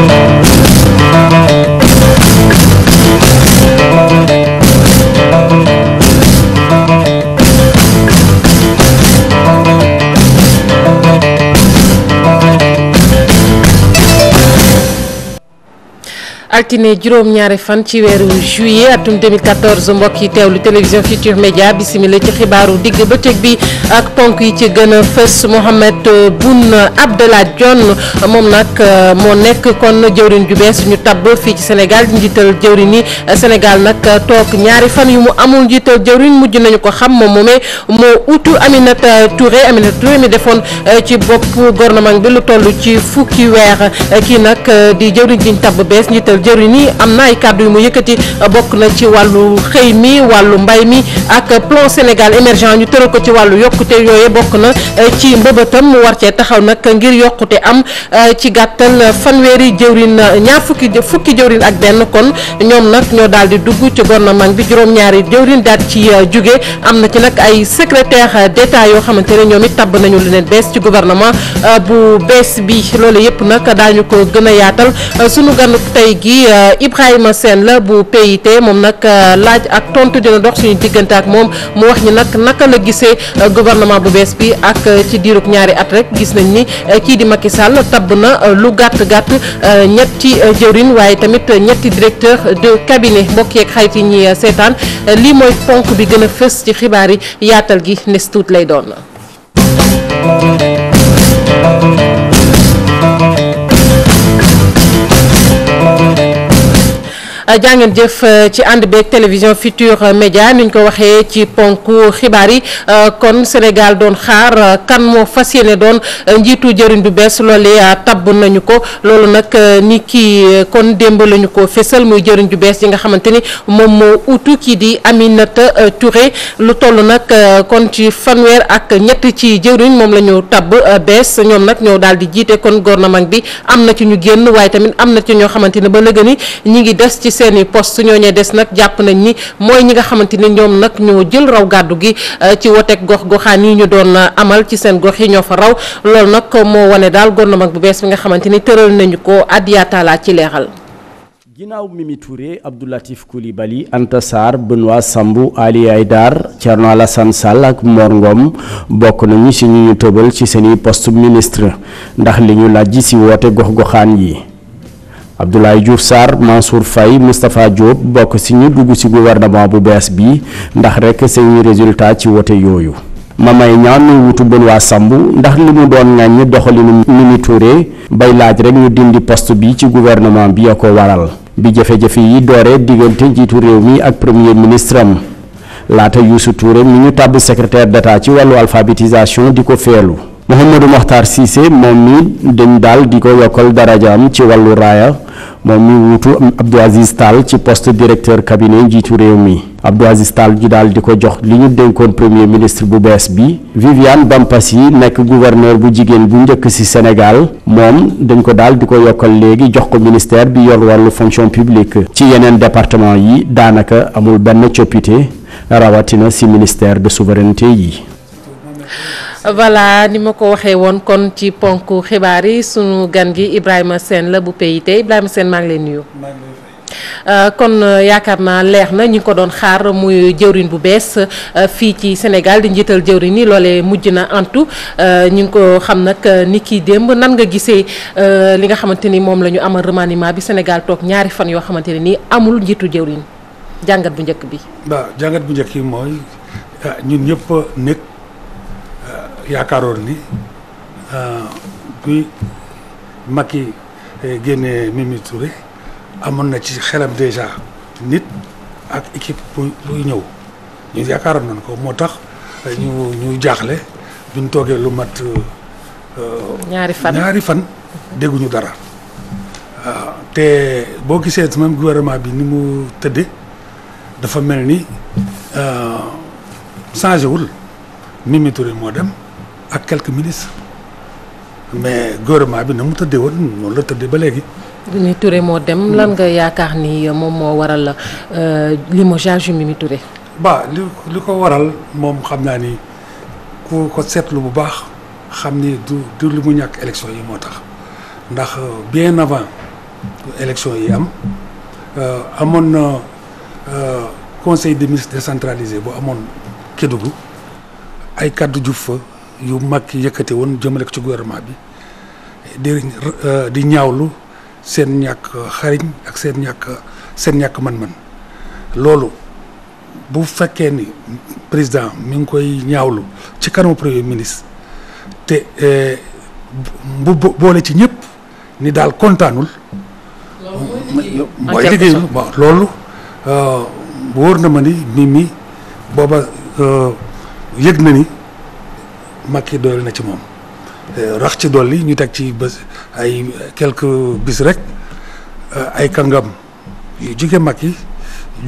Thank you. altine juróom-ñaari fan ci weeru juillet atum 2014 mbokk yi teewlu télévision Futur Média bisimila ci xibaaru digg bëccëg bi ak ponk yi ci gën a fës Mohamed Boun Abdallah Dionne moom nag euh, moo nekk kon jëwrin ju bees ñu tabb fii ci Sénégal njiital jëwrin yi Sénégal nag euh, toog ñaari fan yu mu amul njiital jëwrin mujj nañu ko xam moom moomee moo utu Aminata Touré Aminata Touré mi defoon euh, ci bopp gouvernement bi lu toll ci fukki weer kii nag di jëwrin jiñ tabb bees njiital jawri ni am na ay kàddu yu mu yëkkati bokk na ci wàllu xëy mi wàllu mbay mi ak plan Sénégal émergent ñu tëral ko ci wàllu yokkute yooye bokk na eh, ci mbëbëtam mu war cee taxaw nag ngir yokkute am eh, ci gàttal fanweeri jëwrin ñaar fukki fukki jëwrin ak benn kon ñoom nag ñoo daal di dugg ci gouvernement bi juróom-ñaari jëwrin daal ci eh, jóge am na ci nag ay secrétaire d'état yoo xamante ne ñoom it tàbb nañu lu leen bees ci gouvernement bu bees bi loolu yëpp nag daañu ko gën a yaatal sunu ganu tey gi Euh, Ibrahima Sène la bu PIT moom nag euh, laaj ak tontu dina dox suñu diggante ak moom mu wax ñi nag naka la gisee euh, gouvernement bu bees bi ak ci diirug ñaari at rek gis nañ ni kii di Macky Sall tabb na lu gàtt gàtt ñetti jëwriñ waaye tamit ñetti directeur de cabinet mbokk yeeg xarit yi ñi seetaan lii mooy ponk bi gën a fës ci xibaar yi yaatal gi nes tuut lay doon. Euh, jàngeen jëf euh, ci ànd beeg télévision Futur Média ni ñu ko waxee ci ponk xibaar yi euh, kon Sénégal doon xaar kan moo fas yéene doon njiitu jëriñ bu bees loolee tabb nañu ko loolu nag ni kii kon démb lañu ko fésal muy jëriñ ju bees yi nga xamante ni moom moo utu kii di Aminata Touré lu toll nag kon ci fanweer ak ñett ci jëriñ moom la ñu tabb bees ñoom nag ñoow daal di jiite kon gouvernement bi am na ci ñu génn waaye tamit am na ci ñoo xamante ni ba léegi ñi ngi seen i poste su ñooñee des nag jàpp nañ ni mooy ñi nga xamante ni ñoom nag ñoo jël raw gàddu gi euh, ci woteeg gox goxaan yi ñu doon euh, amal ci seen gox yi ñoo fa raw loolu nag moo wane daal gouvernement bu bees bi nga xamante ni tëral nañu ko Adia Talla ci leexal ginnaaw Mimi Touré Abdoulatif kuli Anta Sarr Benoît Sambou Ali Haïdar Thierno Alassane Sall ak Mor Ngom bokk nañu si ñu ñu tëbal ci seeni poste ministre ndax li ñu laaj ci woote gox goxaan yi Abdoulaye Diouf Sarr Mansour Faye Moustapha Diop bokk ci ñu dugg ci gouvernement bu bees bi ndax rekk seeni résultat ci wote yooyu ma may Niang muy bën waa Sambou ndax li mu doon ŋàññ doxalinu Mimi Touré bay laaj rekk ñu dindi poste bi ci gouvernement bi ya ko waral bi jafe-jafe yi doore diggante jiitu réew mi ak premier ministre am laata Youssou Touré mi ñu tàbb secrétaire d'État ci wàllu alphabétisation di ko feelu Mouhamadou Mokhtar sise moom mi dañ daal di ko yokkal darajaam ci wàllu raaya moom mi wuutu Abdou Aziz Tall ci poste directeur cabinet njiitu réew mi Abdou Aziz Tall ji daal di ko jox li denkoon premier ministre bu bees bi Viviane Bampasi nekk gouverneur bu jigéen bu njëkk ci Sénégal moom dañ ko daal di ko yokkal léegi jox ko ministère bi yor wàllu fonction publique ci yeneen département yi daanaka amul benn coppite rawatina ci ministère de souveraineté yi voilà ni ma ko waxee woon kon ci ponk xibaar yi suñu gan gi Ibrahima Sène la bu PIT Ibrahima Sène maa ngi lay nuyu. Uh, kon euh, yaakaar naa leex na ñu ngi ko doon xaar muy jëwriñ bu bees euh, fii ci Sénégal di njiital jëwriñ yi loolee mujj na antu euh, ñu ngi ko xam nag ni kii démb nan nga gisee li nga xamante ni moom la ñu amal remaniement bi Sénégal toog ñaari fan yoo xamante ne nii amul njiitu jëwriñ jàngat bu njëkk bi. waaw jàngat mooy ah, ñun ñëpp nekk yaakaaroon ni euh, bi Macky eh, génnee Mimi Touré amoon na ci xelam déjà nit ak équipe bu buy ñëw ñu yaakaaroon nañ ko moo tax eh, ñu ñu jaaxle duñ toogee lu mat. Euh, ñaari fan fan dégguñu dara. Euh, te boo gisee même gouvernement bi ni mu tëdde dafa mel ni changé wul Mimi Touré moo dem. ak quelques ministres mais gouvernement bi na mu tëddee woon noonu la tëddee ba léegi. Mimi turee moo dem lan nga yaakaar ni moom moo waral euh, limogeage Mimi Touré. ba li li ko waral moom xam naa ni ku ko seetlu bu baax xam ni du du li mu ñàkk élection yi moo tax ndax euh, bien avant élection yi am euh, amoon na conseil des ministres décentralisé bu amoon Kédougou ay kaddu jub yu mag yëkkate woon jëmale ko ci gouvernement bi di di ñaawlu seen ñàkk xariñ ak seen ñàkk seen ñàkk man-man loolu bu fekkee ni président mi ngi koy ñaawlu ci kanamu premier ministre te eh, bu boole ci ñëpp ni daal kontaanul. mooy liggéey bon loolu eh, wóor na ma ni Mimi booba eh, yëg na ni. Macky doyal na ci moom rax ci dolli ñu teg ci bés ay quelque bis rek ay kangam yu jóge Macky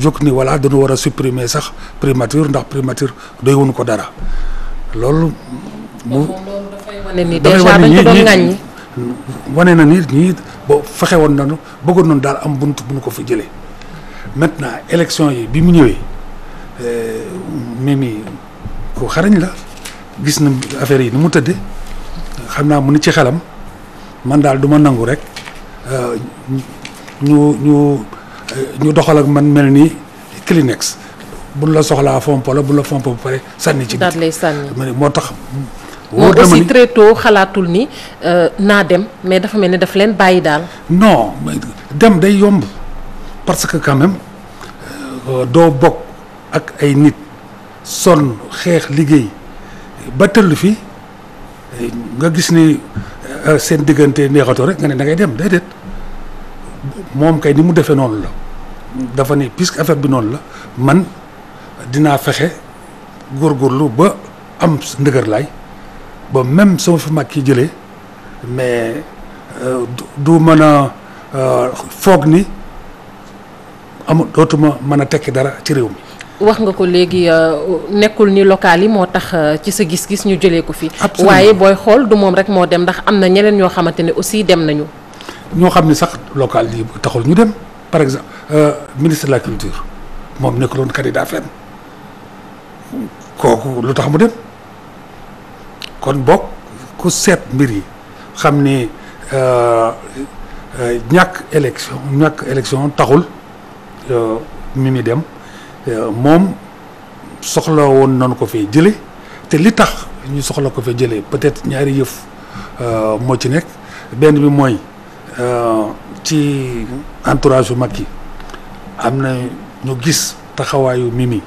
jóg ni voilà dañu wara a supprimer sax primature ndax primature doy wuñu ko dara loolu. mu dafay wane ni déjà dañ wane na nit ñi bo fexe nañu bëggoon nañu daal am bunt bu ñu ko fi jëlee maintenant élection yi bi mu ñëwee euh, Mimi ku xarañ la. gis na affaire yi ni mu tëdde xam naa mu ni ci xelam man daal duma nangu rek euh, ñu ñu ñu doxal ak man mel ni Kleenex buñ la soxlaa fompo la buñ la fompo ba pare sànni ci daal lay sànni moo tax moom aussi très tôt xalaatul ni euh, naa dem mais dafa mel ni daf leen bàyyi daal non dem day yomb parce que quand même euh, doo bokk ak ay nit sonn xeex liggéey ba tëll fii nga gis ni euh, seen diggante neexatoo rek nga ne da ngay dem déedéet moom kay ni mu defee noonu la dafa ne puisque affaire bi noonu la man dinaa fexe góorgóorlu ba am ndëgër laay ba même sama fi mag ki jëlee mais euh, du mën a euh, foog ni amul dootuma mën a tekki dara ci réew mi wax nga ko léegi euh, nekkul ni local yi moo tax euh, ci sa gis-gis ñu jëlee ko fii waaye booy xool du moom rek moo dem ndax am na ñeneen ñoo xamante ne aussi dem nañu. ñoo xam ni sax local yi taxul ñu dem par exemple euh, ministre de la culture moom nekkuloon candidat fenn kooku lu tax mu dem kon bokk ku seet mbir yi xam ni ñàkk élection ñàkk élection taxul mi mi dem. Euh, moom soxla woon noonu ko fee jële te li tax ñu soxla ko fee jëlee peut-être ñaari yëf euh, moo ci nekk benn bi mooy euh, ci entourage yu mag yi am na ñu gis taxawaayu Mimi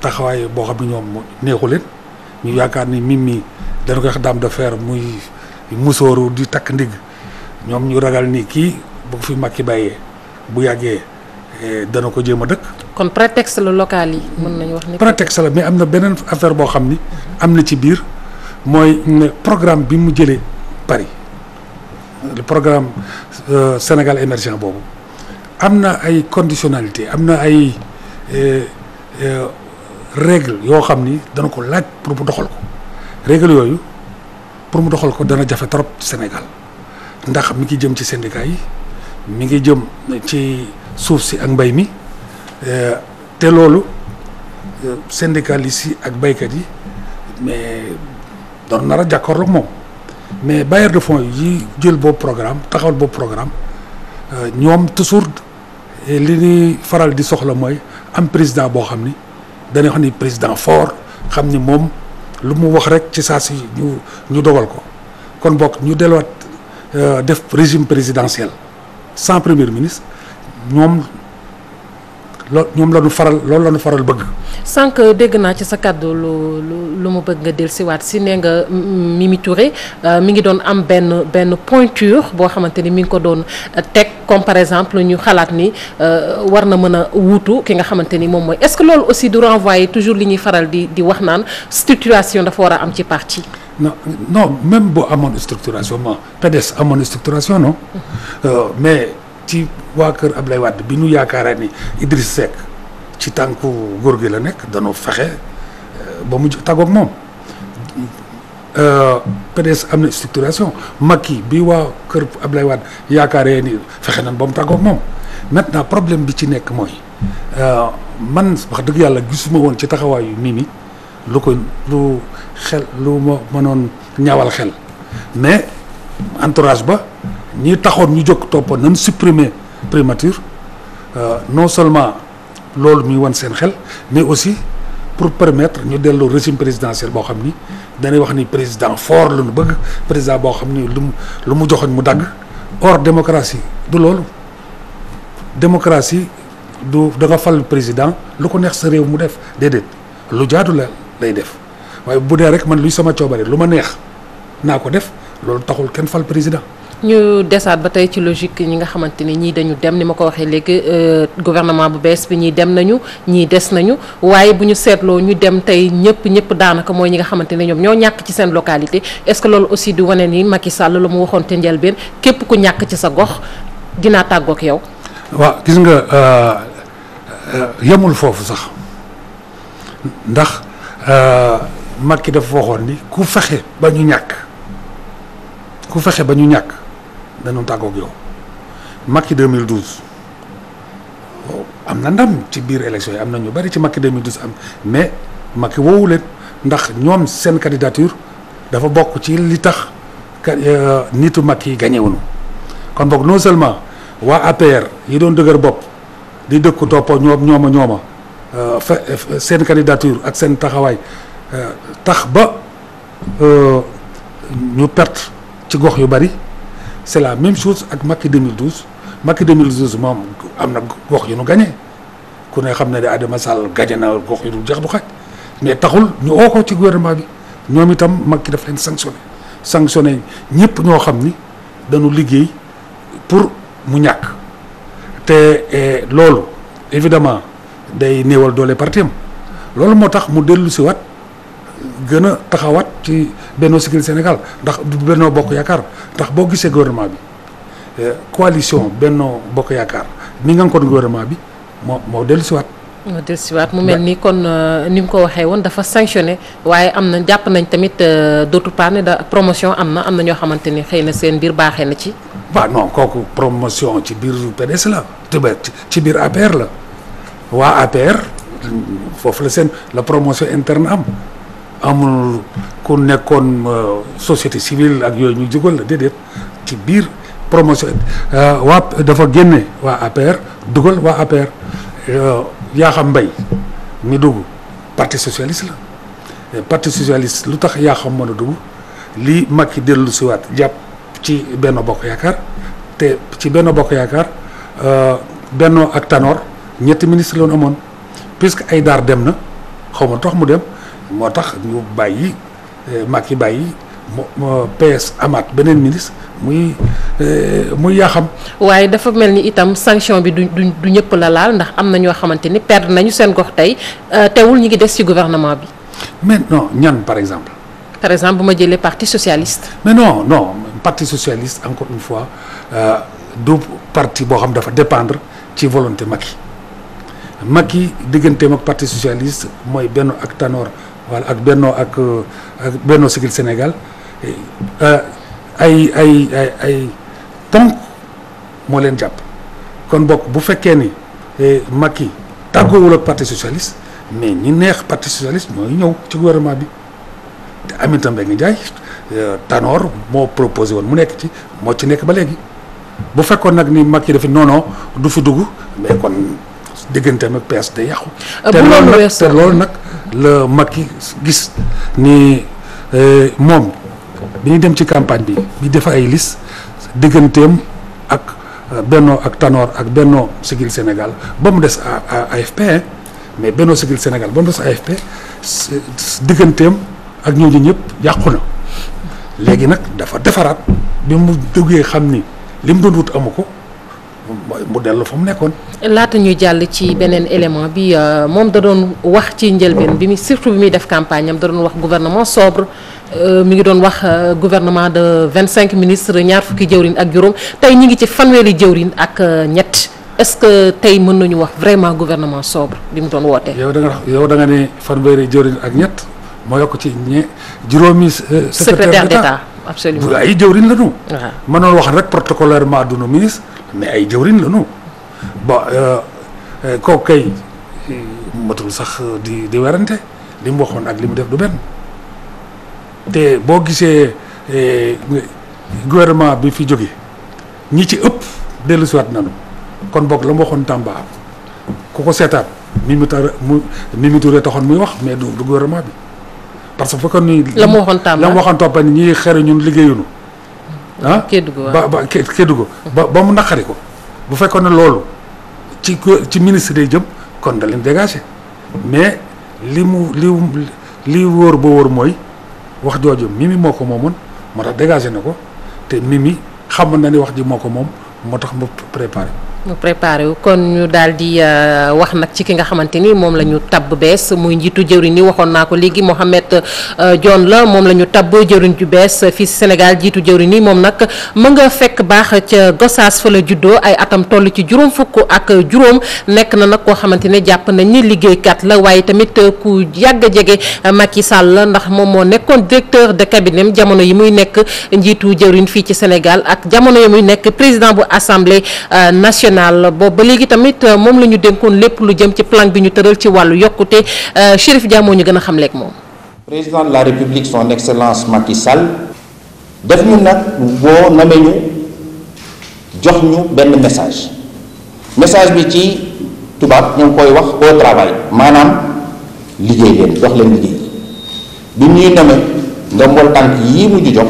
taxawaay boo xam ne ñoom neexu leen ñu yaakaar ni Mimi dañu koy wax dame de fer muy musóoru di takk ndigg ñoom ñu ragal ni kii bu fi mag ki bàyyee bu yàggee Eh, dana ko jéem a dëkk. kon prétexte la local yi. mën nañu wax ni prétexte la mais am na beneen affaire boo xam ni. am na ci biir mooy programme bi mu jëlee Paris le programme euh, Sénégal émergent boobu am na ay conditionnalité am na ay euh, euh, règle yoo xam ni dana ko laaj pour mu doxal ko règle yooyu pour mu doxal ko dana jafe trop Sénégal ndax mi ngi jëm ci syndicat yi mi ngi jëm ci. suuf si ak mbay mi eh, te loolu eh, syndicalistes yi ak baykat yi mais doon nar a jàkkaarloog moom mais bailleurs de fonds yi jël boobu programme taxawal boobu programme eh, ñoom toujours li ñuy faral di soxla mooy am président boo xam ni dañuy xam ni président fort xam ni moom lu mu wax rek ci saa si ñu dogal ko kon bokk ñu delluwaat def régime présidentiel sans premier ministre ñoom loo ñoom la ñu faral loolu la faral bëgg. sànq dégg naa ci sa kàddu lu lu mu bëgg nga dellusiwaat si nee nga mi Touré euh, mi ngi doon am benn benn pointure boo xamante ni mi ngi ko doon teg comme par exemple ñu xalaat ni euh, war na mën a wuutu ki nga xamante ni moom mooy est-ce que loolu aussi du renvoyer toujours li ñuy faral di di wax naan structuration dafa war a am ci parti. non non boo amoon structuration ma PDS amoon structuration non mm-hmm. euh, ci waa kër Ablaye Wade bi ñu yaakaaree ni Idriss Seck ci tànku góor gi la nekk danoo fexe euh, ba mu tàggoog moom euh, PDS am na structuration Macky bi waa kër Ablaye Wade yaakaaree ni fexe nañ ba mu tàggoog moom maintenant problème bi ci nekk mooy euh, man wax dëgg yàlla gisuma woon ci taxawaayu Mimi lu ko lu xel lu ma mënoon ñaawal xel mais entourage ba. ñi taxoon ñu jóg toppoon nañ supprimer primature euh, non seulement loolu muy wan seen xel mais aussi pour permettre ñu dellu régime présidentiel boo xam ni dañuy wax ni président fort lu ñu bëgg président boo xam ni lu mu lu mu joxoon mu dagg or démocratie du loolu démocratie du da nga fal président lu ko neex sa réew mu def déedéet lu jaadu la lay def waaye bu dee rek man luy sama coobare lu ma neex naa ko def loolu taxul kenn fal président ñu desaat ba tey ci logique ñi nga xamante ni ñii dañu dem ni ma ko waxee léegi euh, gouvernement bu bees bi ñii dem nañu ñii des nañu waaye bu ñu seetloo ñu dem tey ñëpp ñëpp daanaka mooy ñi nga xamante ne ñoom ñoo ñàkk ci seen localité est-ce que loolu aussi di wane ni Macky Sall la mu waxoon te njëlbeen képp ku ñàkk ci sa gox dinaa tàggook yow. waaw gis nga euh, euh, yemul foofu sax ndax Macky dafa waxoon ni ku fexe ba ñu ñàkk ku fexe ba ñu ñàkk. dañu tàggoog yow Macky 2012 am na ndam ci biir élection yi am na ñu bari ci Macky 2012 am mais Macky woowu leen ndax ñoom seen candidature dafa bokk ci li tax euh, nitu Macky yi gagné wuñu kon boog non seulement waa APR yi doon dëgër bopp di dëkku toppoo ñoom ñooma ñooma euh, fa euh, seen candidature ak seen taxawaay tax ba ñu perte ci gox yu bari c' est la même chose ak Macky 2012 Macky 2012 moom am na gox yu nu gagné ku ne xam ne de Adama Sall gagné na gox yu dul jeex du xaj mais taxul ñu oo ko ci gouvernement bi ñoom itam Macky daf leen sanctionné sanctionné ñëpp ñoo xam ni dañu liggéey pour mu ñàkk te eh, loolu évidemment day néewal doole parti am loolu moo tax mu dellu si wat gën a taxawaat ci Benno Siggil Sénégal ndax du Benno Bokk Yaakaar ndax boo gisee gouvernement bi eh, coalition Benno Bokk Yaakaar ni nga kon gouvernement bi moo moo dellusiwaat. moo dellusiwaat mu mel euh, ni kon ni nga ko waxee woon dafa sanctionné waaye am na jàpp nañ tamit euh, d'autre part ne da promotion am na am na ñoo xamante ni xëy na seen biir baaxee na ci. waaw non kooku promotion ci biir PDS la ci biir APR la waa APR foofu la seen la promotion interne am. amul ku nekkoon euh, société civile ak yooyu ñu jugal la déedéet ci biir promotion euh, waa dafa génne waa APR dugal waa APR euh, yaaxam mbay mi dugg parti socialiste la parti socialiste lu tax Yakham mën a dugg lii Macky dellu si waat jàpp ci Benno Bokk Yaakaar te ci Benno Bokk Yaakaar Benno ak Tanor ñetti ministre la woon amoon puisque Aïdar dem na xaw ma tax mu dem moo tax ñu bàyyi eh, Macky bàyyi PS amaat beneen ministre muy eh, muy yaa xam. waaye dafa mel ni itam sanction bi du du du ñëpp la laal ndax am na ñoo xamante ni perdre nañu seen gox tey euh, teewul ñu ngi des ci gouvernement bi. mais non ñan par exemple. par exemple bu ma jëlee parti socialiste. mais no non parti socialiste encore une fois euh, du parti boo xam dafa dépendre ci volonté Macky Macky digganteem ak parti socialiste mooy benn ak Tanor. voilà ak Benno ak euh, ak Benno Siggil Sénégal euh, ay ay ay ay moo leen jàpp kon bokk bu fekkee ni eh, Macky tàggoowul ak parti socialiste mais ñi neex parti socialiste ñooy ñëw ci gouvernement bi te Aminata Mbengue Ndiaye euh, Tanor moo proposé woon mu nekk ci moo ci nekk ba léegi bu fekkoon nag ni Macky dafa non non du fi dugg mais kon digganteem ak PS day yàqu. te loolu nag. la Macky gis ni eh, moom bi ñu dem ci campagne bi bi def ay liste digganteem ak euh, Benno ak tanoor ak Benno Siggil Sénégal ba mu des AFP mais Benno Siggil Sénégal ba mu des AFP digganteem ak ñooñu ñëpp yàqu na léegi nag dafa defaraat bi mu jógee xam ni li mu doon wut amu ko mu dellu fa mu nekkoon. laata ñuy jàll ci beneen élément bi euh, moom da doon wax ci njëlbeen bi muy surtout bi muy def campagne am da doon wax gouvernement sobre euh, mi ngi doon wax euh, gouvernement de vingt cinq ministres ñaar fukki jëwriñ ak juróom tey ñu ngi ci fanweeri jëwriñ ak ñett est-ce que tey mën nañu wax vraiment gouvernement sobre bi mu doon wootee. yow da yow da nga ne fanweeri jëwriñ ak ñett moo yokk ci ñe juróomi. secrétaire d'État absolument bu ay jëwriñ la ñu. waaw mënoon wax rek protocolairement du nu ministre mais ay jëwriñ lanu ñu. ba kay matul sax di di werante li mu waxoon ak li mu def du benn te boo gisee eh, gouvernement bi fi jóge ñi ci ëpp dellusiwaat nañu kon boog la mu waxoon Tamba ku ko seetaat Mimi Touré mu Mimi Touré taxoon muy wax mais du du gouvernement bi. parce que fekkoon ni. la mu waxoon tàmbali la mu waxoon toppal ni ñii xëy ñun liggéeyuñu. ah Kédougou ba ba ba mu naqari ko bu fekkoon ne loolu ci ci ministre yi jëm kon da leen dégagé mais li mu li li wóor ba wóor mooy wax jooju mimi moo ko moomoon moo tax dégagé na ko te mimi xamoon na ni wax ji moo ko moom moo tax mu préparé. mu préparé wu kon ñu daal di euh, wax nag ci ki nga xamante ni moom la ñu tabb bees muy njiitu jëwriñ yi waxoon naa ko léegi Mohamed euh, Dione la moom la ñu tabb jëwriñ ju bees fii si Sénégal jiitu jëwriñ yi moom nag mën nga fekk baax ca Gossas fa juddoo ay atam toll ci juróom fukk ak juróom nekk na nag koo xamante ne jàpp nañ ni liggéeykat la waaye tamit euh, ku yàgg a jege Macky Sall ndax moom moo nekkoon directeur de cabinet jamono yi muy nekk njiitu jëwriñ fii ci Sénégal ak jamono yi muy nekk président bu assemblée nationale boobu ba léegi tamit euh, moom la ñu dénkoon lépp lu jëm ci plan bi ñu tëral ci wàllu yokkute euh, Chérif Dia moo ñu gën a xam leeg moom. président de la république son excellence Macky Sall def ñu nag boo name ñu jox ñu benn message message bi ci tubaab ñu ngi koy wax au travail maanaam liggéey leen jox leen liggéey bi ñuy name ndombol tànk yii mu ñu jox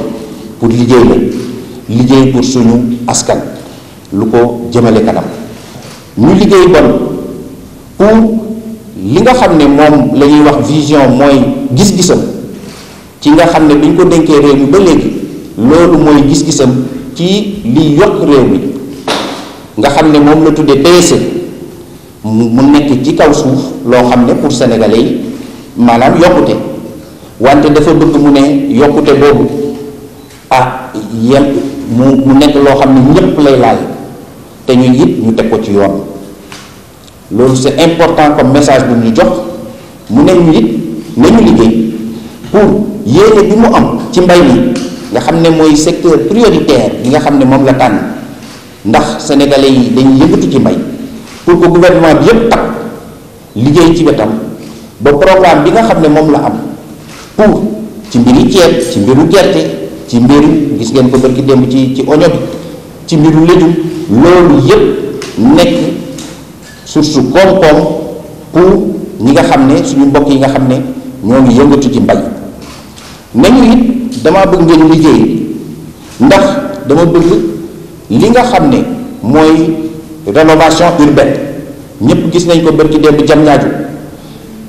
pour liggéey leen liggéey pour suñu askan. lu ko jëmale kanam ñu liggéey bon pour li nga xam ne moom lañuy ñuy wax vision mooy gis-gisam ci nga xam ne bi ñu ko dénkee réew mi ba léegi loolu mooy gis-gisam ci li yokk réew mi nga xam ne moom la tuddee PSE mu nekk ci kaw suuf loo xam ne pour sénégalais yi maanaam yokkute wante dafa bëgg mu ne yokkute boobu ah yem mu mu nekk loo xam ne ñépp lay laal te ñun it ñu teg ko ci yoon loolu c'est important comme message bu ñu jox mu ne ñu it nañu liggéey pour yéene bi mu am ci mbay mi nga xam ne mooy secteur prioritaire bi nga xam ne moom la tànn ndax sénégalais yi dañuy yëngatu ci mbay pour que gouvernement bi yépp takk liggéey ci wetam ba programme bi nga xam ne moom la am pour ci mbiri ceeb ci mbiru gerte ci mbir gis ngeen ko bërki démb ci ci oño bi ci mbiru léjum loolu yépp nekk source koom-koom pour ñi nga xam ne suñu mbokk yi nga xam ne ñoo ngi yëngatu ci mbay nañu it dama bëgg ngeen liggéey ndax dama bëgg li nga xam ne mooy rénovation urbaine ñépp gis nañ ko bërki démb jam ñaaju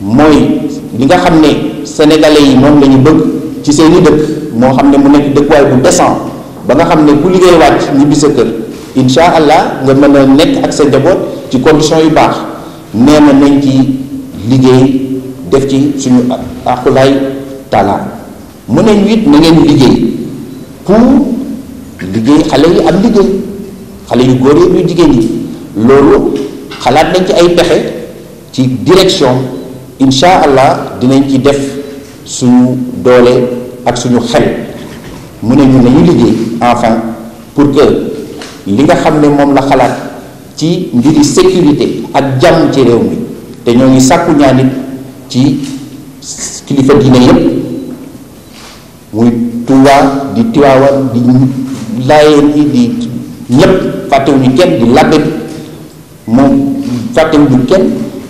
mooy li nga xam ne sénégalais yi moom la ñu bëgg ci seeni dëkk moo xam ne mu nekk dëkkuwaay bu décent ba nga xam ne ku liggéey wàcc ñibbi sa kër incha allah nga mën a nekk ak sa njaboot ci condition yu baax nee na nañ ci liggéey def ci suñu akulaay talaa mu ne ñu it na ngeen liggéey pour liggéey xale yi am liggéey xale yu góor yi yu jigéen yi loolu xalaat nañ ci ay pexe ci direction incha allah dinañ ci def suñu doole ak suñu xel mu ne ñun nañu liggéey enfin pour que li nga xam ne moom la xalaat ci mbiri sécurité ak jàmm ci réew mi te ñoo ngi sàkku ñaan ci kilifa diine yépp muy Touba di Tiwaawan di Laayeen yi di ñépp fàttewuñu kenn di labbe bi moom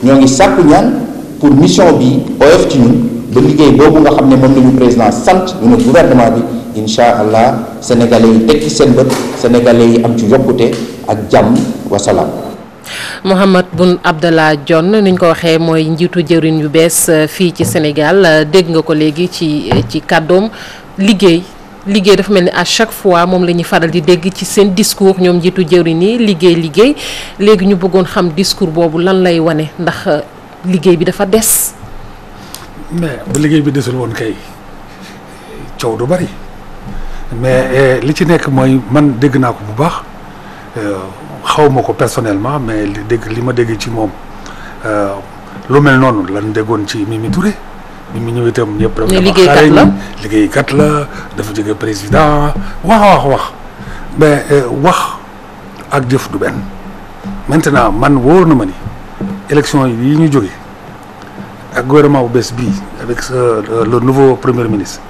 ñoo ngi sàkku ñaan pour mission bi oyof ci ñun ba liggéey boobu nga xam ne moom la ñu président sant ñu ne gouvernement bi incha allah sénégalais yi tekki seen bët sénégalais yi am ci yokkute ak jàmm wasalaam. Mouhamed Boun Abdallah Dionne ni ko waxee mooy njiitu jëwriñ yu bees euh, fii ci senegal euh, dégg nga ko léegi ci euh, ci kàddoom liggéey. liggéey dafa mel ni à chaque fois moom lañuy faral di dégg ci seen discours ñoom njiitu jëwriñ yi liggéey liggéey léegi ñu bëggoon xam discours boobu lan lay wane ndax liggéey bi dafa des. mais bu liggéey bi desul woon kay coow du bari. mais euh, li ci nekk mooy man dégg naa ko bu baax euh, xaw ma ko personnellement mais li dégg li ma dégg ci moom euh, lu mel noonu lan déggoon ci Mimi Touré mi ñëw itam ñëpp. dafa liggéeykat la liggéeykat la dafa jóge président wax wax wax mais wax ak jëf du benn maintenant man wóor na ma ni élection yi ñu jóge ak gouvernement bu bees bii avec le nouveau premier ministre.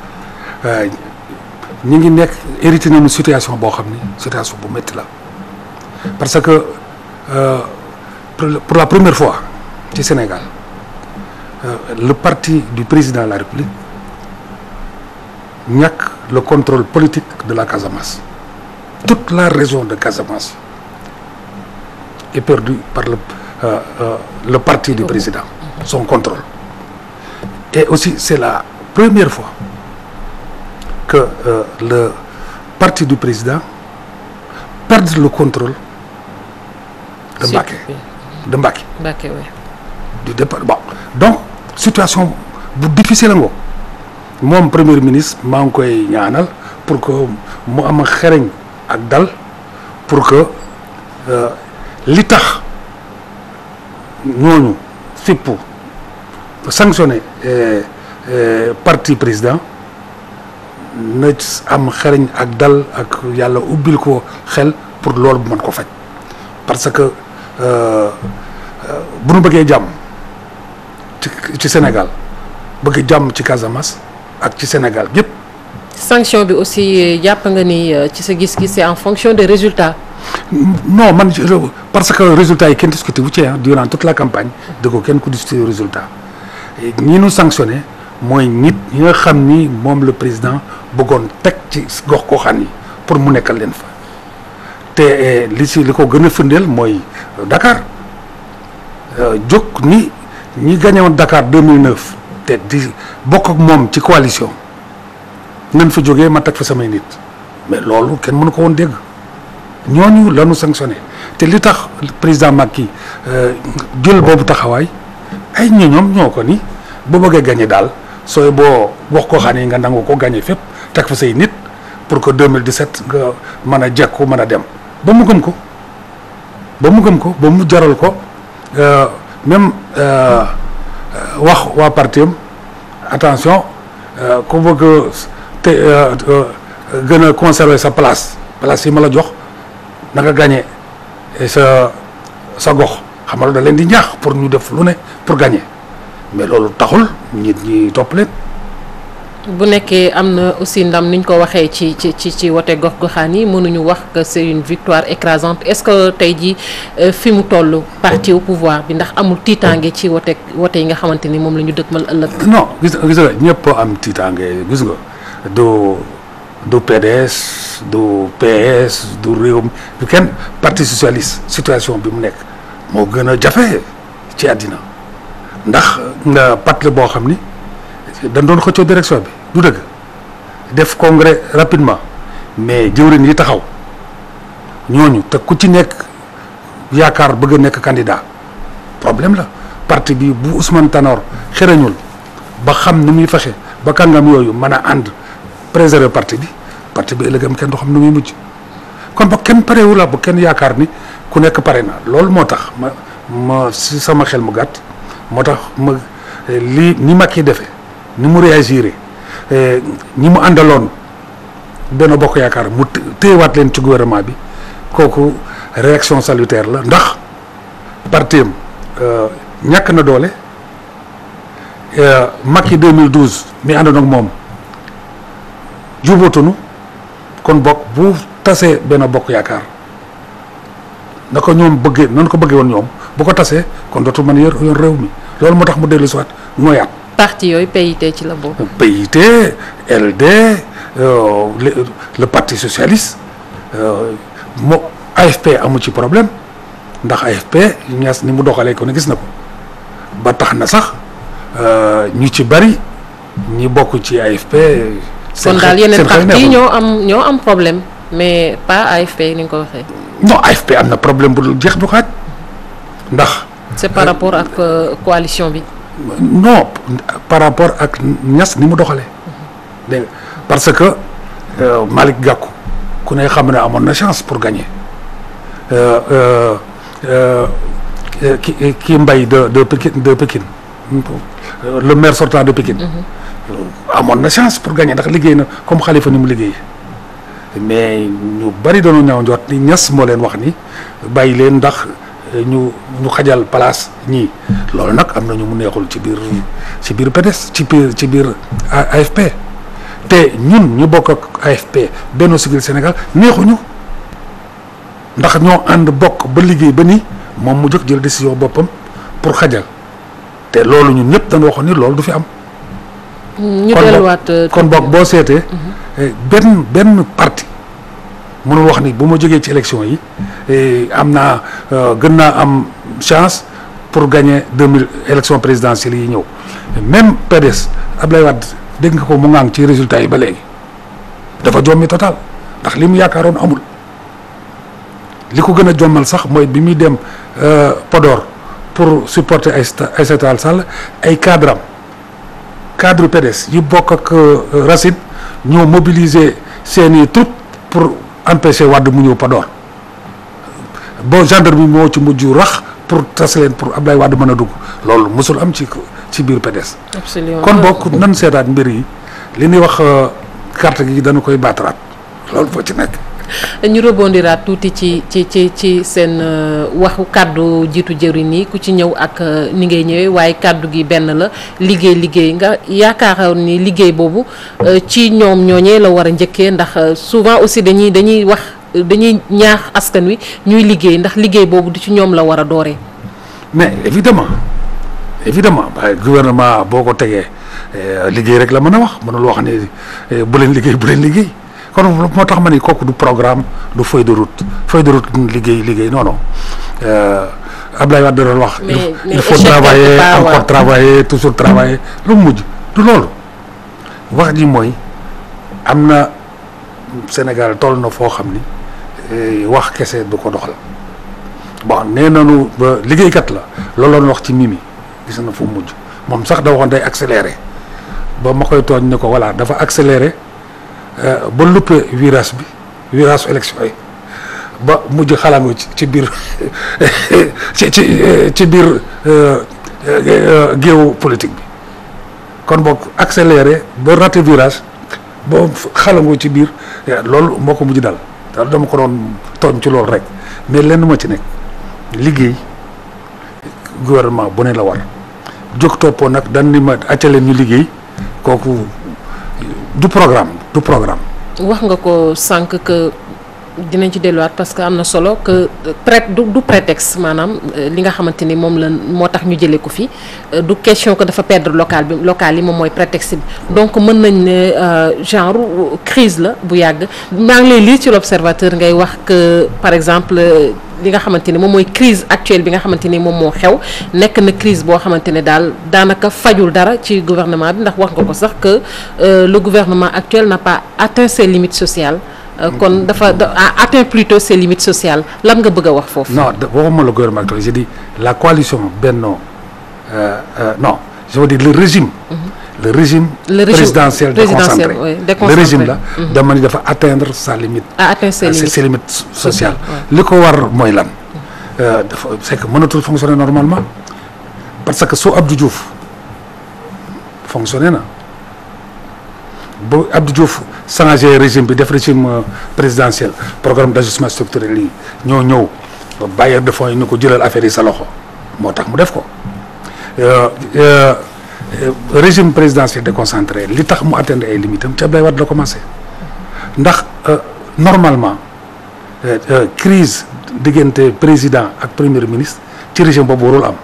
ñu ngi nekk hérité nañu situation boo xam ni situation bu métti la parce que euh, pour la première fois ci Sénégal euh, le parti du président la République ñàkk le contrôle politique de la Casamance toute la région de Casamance est perdue par le euh, euh le parti du président son contrôle et aussi c'est la première fois Euh, le parti du président perde le contrôle de Mbacké de Mbacké du départ bon donc situation bu difficile la moom premier ministre maa ngi koy ñaanal pour que mu am xereñ ak dal pour que euh, li tax ñooñu fippu sanctionner euh, parti président na am xereñ ak dal ak yàlla ubbil ko xel pour loolu bu man ko faj parce que euh, bu nu bëggee jàmm ci ci Sénégal bëgg jàmm ci Casamance ak ci Sénégal yëpp. sanction bi aussi jàpp nga ni euh, ci sa gis-gis c'est en fonction des résultats. non man parce que résultats yi kenn discuté wu ci durant toute la campagne. da kenn ku discuté résultat ñi ñu sanctionné. mooy nit ñi nga xam ni moom la président bëggoon teg ci gox goxaan yi pour mu nekkal leen fa te eh, li si li ko gën a firndeel mooy euh, Dakar euh, jóg ni ñi gagné dakaar Dakar 2009 te di bokk ak moom ci coalition nan fa jógee ma teg fa samay nit mais loolu kenn mënu ko woon dégg ñoo la ñu sanctionné te li tax président Macky euh, jël boobu taxawaay ay ñoñoom ñoo ko ni bu bëggee gagné daal. sooy boo wax ko xaan yi nga nangu ko gagné fépp teg fa say nit pour que 2017 nga mën a jekku mën a dem ba mu gëm ko ba mu ko ba mu jaral ko euh, même euh, wax waa parti attention euh, ku bëgg te gën a conserver sa place place yi ma la jox na nga gagné sa sa gox xamal nga da leen di ñaax pour ñu def lu ne pour gagné. mais loolu taxul nit ñi topp leen. bu nekkee am na aussi ndam ni ko waxee ci ci ci ci wote gox goxaan yi mënuñu wax que c'est une victoire écrasante est-ce que tey jii euh, fi mu toll parti au pouvoir bi ndax amul tiitaange ci wote wote yi nga xamante ni moom la ñu dëgmal ëllëg. non gis gis nga ñëpp am tiitaange gis nga du du PDS du PS du réew du kenn parti socialiste situation bi mu nekk moo gën a jafe ci àddina. ndax nga pat la boo xam ni dañ doon xëccoo direction bi du dëgg def congrès rapidement mais jëwrin yi taxaw ñooñu te ku ci nekk yaakaar bëgg a nekk candidat problème la parti bi bu Ousmane Tanor xërañul ba xam nu muy fexe ba kàngam yooyu mën a ànd préserer parti bi parti bi ëllëgam kenn du xam nu muy mujj kon ba kenn parewu la bu kenn yaakaar ni ku nekk pare na loolu moo tax ma ma si sama xel mu gàtt moo tax ma lii ni Macky defee ni mu réagir eh, ñi mu àndaloon benn bokk yaakaar mu téyewaat leen ci gouvernement bi kooku réaction salutaire la ndax partiam eh, ñàkk na doole eh, Macky 2012 mi àndoon ak moom jubatunu kon bokk bu tasee benn bokk yaakaar na ko ñoom bëggee nan ko bëggee woon ñoom bu ko tasee kon dootul mën yor yor réew mi loolu moo tax mu dellu si waat nooyaat. parti yooyu PIT ci la bokk. PIT LD euh, le parti socialiste euh, moo AFP amu ci problème ndax AFP ñaas ni mu doxalee ko ne gis na ko ba tax na sax euh, ñu ci bari ñi bokk ci AFP. seen xel kon daal yeneen parti ñoo am ñoo am problème mais pas AFP ni nga ko waxee. non AFP am na problème bu dul jeex du xaaj. ndax. c'est par rapport ak euh, coalition bi. rapport ak ñas ni mu doxalee. parce que euh, Malick Gakou ku ne xam ne amoon na chance pour gagner euh, ki mbay de de Pikine de Pikine le maire sortant de Pikine. Mhm. amoon na chance pour gagner ndax liggéey na comme Khalifa ni mu liggéey mais ñu bari doonu ñaaw njort ni ñas moo leen wax ni bàyyi leen ndax. ñu ñu xajal place ñii loolu nag am nañu mu neexul ci biir ci biir PDS ci biir ci biir AFP te ñun ñu bokk ak AFP Benno Siggil Sénégal neexuñu ndax ñoo ànd bokk ba liggéey ba ni moom mu jóg jël décision boppam pour xajal te loolu ñun ñëpp dañu waxoon ni loolu du fi am. ñu kon bokk euh, boo seetee. Mhm. Eh, benn benn parti. mënul wax ni bu ma jógee ci élection yi eh, am naa euh, gën naa am chance pour gagner deux mille élection présidentielle yi ñëw même PDS Ablaye Wade dégg nga ko mu ngang ci résultat yi ba léegi dafa jommi total ndax li mu yaakaaroon amul li ko gën a jommal sax mooy bi muy dem euh, Podor pour supporter Aïssata Tall Sall ay cadre am cadre PDS yu bokk ak euh, Racine ñoo mobiliser seeni troupes pour empêché wadd mu ñëw Podor bon gendarme moo ci mujj rax pour tas leen pour Ablaye Wade mën a dugg loolu mosul am ci ci biir PDS. kon bokk nan seetaat mbir yi li nuy wax euh, carte gi dana koy baataraat loolu foo ci nekk. ñu rebondiraat tuuti ci ci ci ci seen euh, waxu kàddu jiitu jëriñ yi ku ci ñëw ak euh, ni ngay ñëwee waaye kàddu gi benn la liggéey liggéey nga yaakaar ni liggéey boobu euh, ci ñoom ñooñee la war a njëkkee ndax souvent aussi dañuy dañuy wax dañuy ñaax askan wi ñuy liggéey ndax liggéey boobu du ci ñoom la war a dooree. mais évidemment évidemment waaye gouvernement boo ko tegee liggéey rek la mën a wax mënul wax ne bu leen liggéey bu leen liggéey. kon moo tax ma ni kooku du programme du feuille de route feuille de route liggéey liggéey non non euh, Ablaye Wade da doon wax. il faut travailler encore travailler travailler lu mujj du loolu wax ji mooy am na Sénégal toll na foo xam ni eh, wax kese du ko doxal bon nee nañu ba liggéeykat la looloon wax ci mimi gis na fu mujj moom sax da waxoon day accéléré ba ma koy tooñ ne ko voilà dafa accéléré. Euh, ba luppee virage bi virage élection ba mujj xalaangoo ci biir ci ci ci biir euh, euh, géewu politique bi kon boog accéléré ba raté virage ba xalaangoo ci biir loolu moo ko mujj dal daal dama ko doon tooñ ci loolu rek mais lenn ma ci nekk liggéey gouvernement bu ne la war jóg toppoo nag dan ni ma accaleen ñu liggéey kooku du programme du programme. wax nga ko sànq que dinañ ci delluwaat parce que am na solo que euh, pré du du maanaam euh, li nga xamante ni moom la moo tax ñu jëlee ko fi euh, du question que dafa perdre local bi local yi moom mooy prétexte bi donc mën nañ ne genre crise la bu yàgg maa ngi lay lire ci l'observateur ngay wax que par exemple li nga xamante ni moom mooy crise actuelle bi nga xamante ni moom moo xew nekk na crise boo xamante ne daal daanaka fajul dara ci gouvernement bi ndax wax nga ko sax que le gouvernement actuel n'a pas atteint ses Euh, kon dafa a atteint plutôt ses limites sociales lan nga bëgg wax foofu. non waxuma le gouvernement actuel j'ai dit la coalition Benno euh, euh, non je veux le régime. Mm-hmm. le régime. le régime présidentiel le régime la. Mm-hmm. dama ni dafa atteindre sa limite. a ah, atteint ses ah, li ko war mooy lan. Euh, dafa c'est que mënatul fonctionner normalement parce que soo Abdou Diouf fonctionné na. ba Abdou Diouf changé régime bi def régime euh, présidentiel programme d'ajustement structurel yi ñoo ñëw bailleurs de fonds yi ni ko jëlal affaire yi sa loxo moo tax mu def ko euh, euh, régime présidentiel déconcentré li tax mu atteindre ay limitam ci Abdoulaye Wade la commencé ndax normalement crise diggante président ak premier ministre ci régime boobu warul am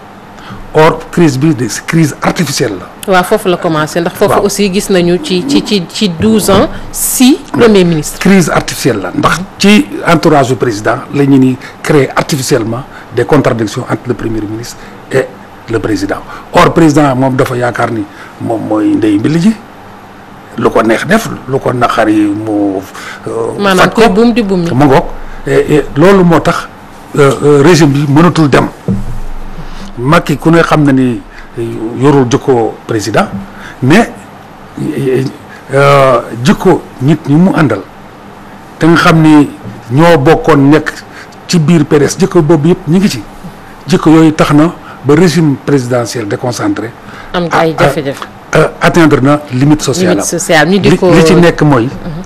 or crise bi de crise artificielle la. waaw foofu la commencé ndax. foofu aussi gis nañu ci ci ci ci douze ans si premier ministre. crise artificielle la ndax ci entourage du président la ñu ni créer artificiellement des contradictions entre le premier ministre et le président or président moom dafa yaakaar ni moom mooy ndey mbili ji lu ko neex def lu ko naqari mu. Euh, maanaam kuy buum di buum loolu moo tax euh, euh, régime bi mënatul dem. Macky ku ne xam na ni eh, yorul jikko président mais eh, eh, jikko nit ñi mu àndal te nga xam ni ñoo bokkoon nekk ci biir PDS jikko boobu yëpp ñu ngi ci jikko yooyu tax na ba régime présidentiel déconcentré. am ay jafe-jafe atteindre na limite sociale am li ci nekk mooy. Mhm.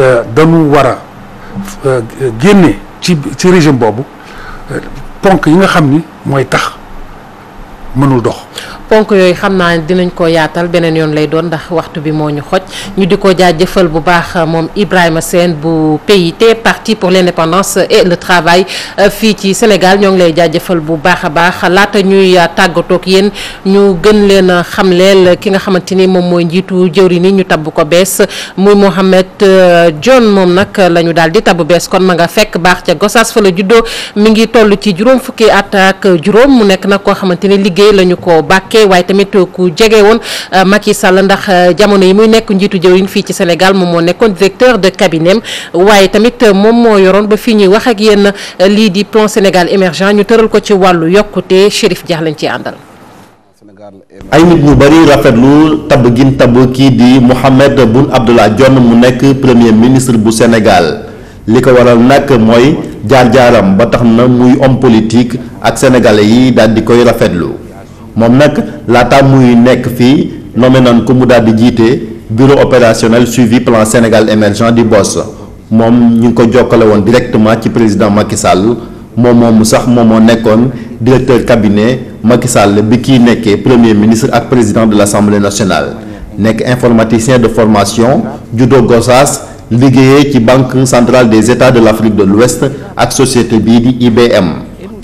Euh, dañu war a euh, génne ci ci régime boobu euh, ponk yi nga xam ni mooy tax. mënul dox. ponk yooyu xam naa dinañ ko yaatal beneen yoon lay doon ndax waxtu bi moo ñu xoj ñu di ko jaajëfal bu baax euh, moom Ibrahima Sène bu te parti pour l'indépendance et le travail euh, fii ci Sénégal ñoo ngi lay jaajëfal bu baax a baax laata ñuy euh, tàggatook yéen ñu gën leen xam xamleel ki nga xamante ni moom mooy njiitu jëw jëwri ni ñu tabb ko bees muy Mohamed John moom nag la ñu daal di tabb bees kon ma nga fekk baax ca Gossas fa la juddoo mi ngi toll ci juróom fukki at ak mu nekk nag koo xamante waaye tamit ku jege woon euh, Macky Sall ndax euh, jamono yi muy nekk njiitu jëwriñ fii ci Sénégal moom moo nekkoon directeur de cabinet waaye tamit euh, moom moo yoroon ba fii ñuy wax ak yéen lii di plan Sénégal émergent ñu tëral ko ci wàllu yokkute Chérif Dia lañ ci àndal. ay nit ñu bëri rafetlu tab gin tabb kii di Mohamed Boun Abdallah Dionne mu nekk premier ministre bu Sénégal li ko waral nag mooy jaar-jaaram ba tax na muy homme politique ak sénégalais yi daal di koy rafetlu. moom nag laata muy nekk fii nommé nan ko mu daal di jiite bureau opérationnel suivi plan Sénégal émergent di BOS moom ñu ngi ko jokkale woon directement ci président Macky Sall moom moomu sax moom moo nekkoon directeur cabinet Macky Sall bi kii nekkee premier ministre ak président de l'Assemblée nationale nekk informaticien de formation judo Gossas liggéeyee ci banque centrale des états de l'Afrique de l'Ouest ak société bii di IBM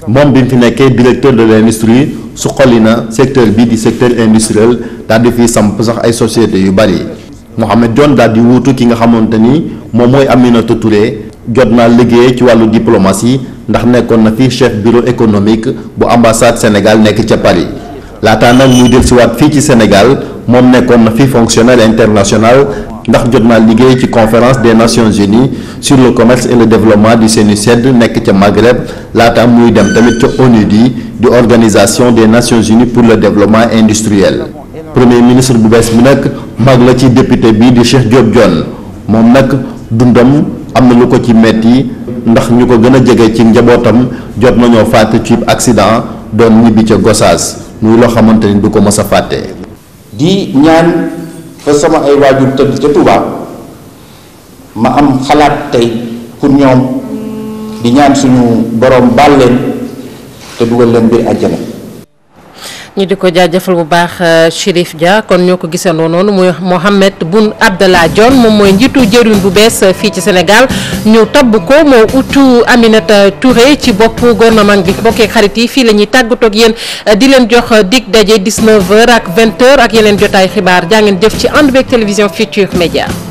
moom bi mu fi nekkee directeur de l'industrie suqali na secteur bi di secteur industriel daal fi samp sax ay sociétés yu bëri Mouhamed Dionne daal di wuutu ki nga xamante ni moom mooy Aminata Touré jot naa liggéeyee ci wàllu diplomatie ndax nekkoon na fi chef bureau économique bu ambassade Sénégal nekk ca Paris laataa nag muy waat fii ci Sénégal moom nekkoon na fi fonctionnaire international ndax jot naa liggéey ci conférence des nations unies sur le commerce et le développement du CNUCED nekk ca Maghreb laata muy dem tamit ca ONUD di organisation des nations unies pour le développement industriel premier ministre bu bees bi nag mag la ci député bi di Cheikh Diop Dione moom nag dundam am na lu ko ci metti ndax ñu ko gën a jege ci njabootam jot nañoo faatu ci accident doon ñibbi ca Gossas muy loo xamante du ko mës a fàtte fa sama ay waajur tëdd ca Touba ma am xalaat tey pour ñoom di ñaan suñu borom baal leen te dugal leen biir àjjana ñu di ko jaajëfal bu baax euh, Chérif Dia kon ñoo ko gisandoo noonu muy Mohamed Boun Abdallah Dionne moom mooy njiitu jëriñ bu bees euh, fii ci Sénégal ñu tabb ko moo utu Aminata Touré ci bopp gouvernement bi bokkee xarit yi fii la ñuy tàggatoo ak yéen euh, di leen jox dig daje 19h ak 20 ak yeneen jotaay xibaar jaa ngeen jëf ci ànd beeg télévision Futurs Médias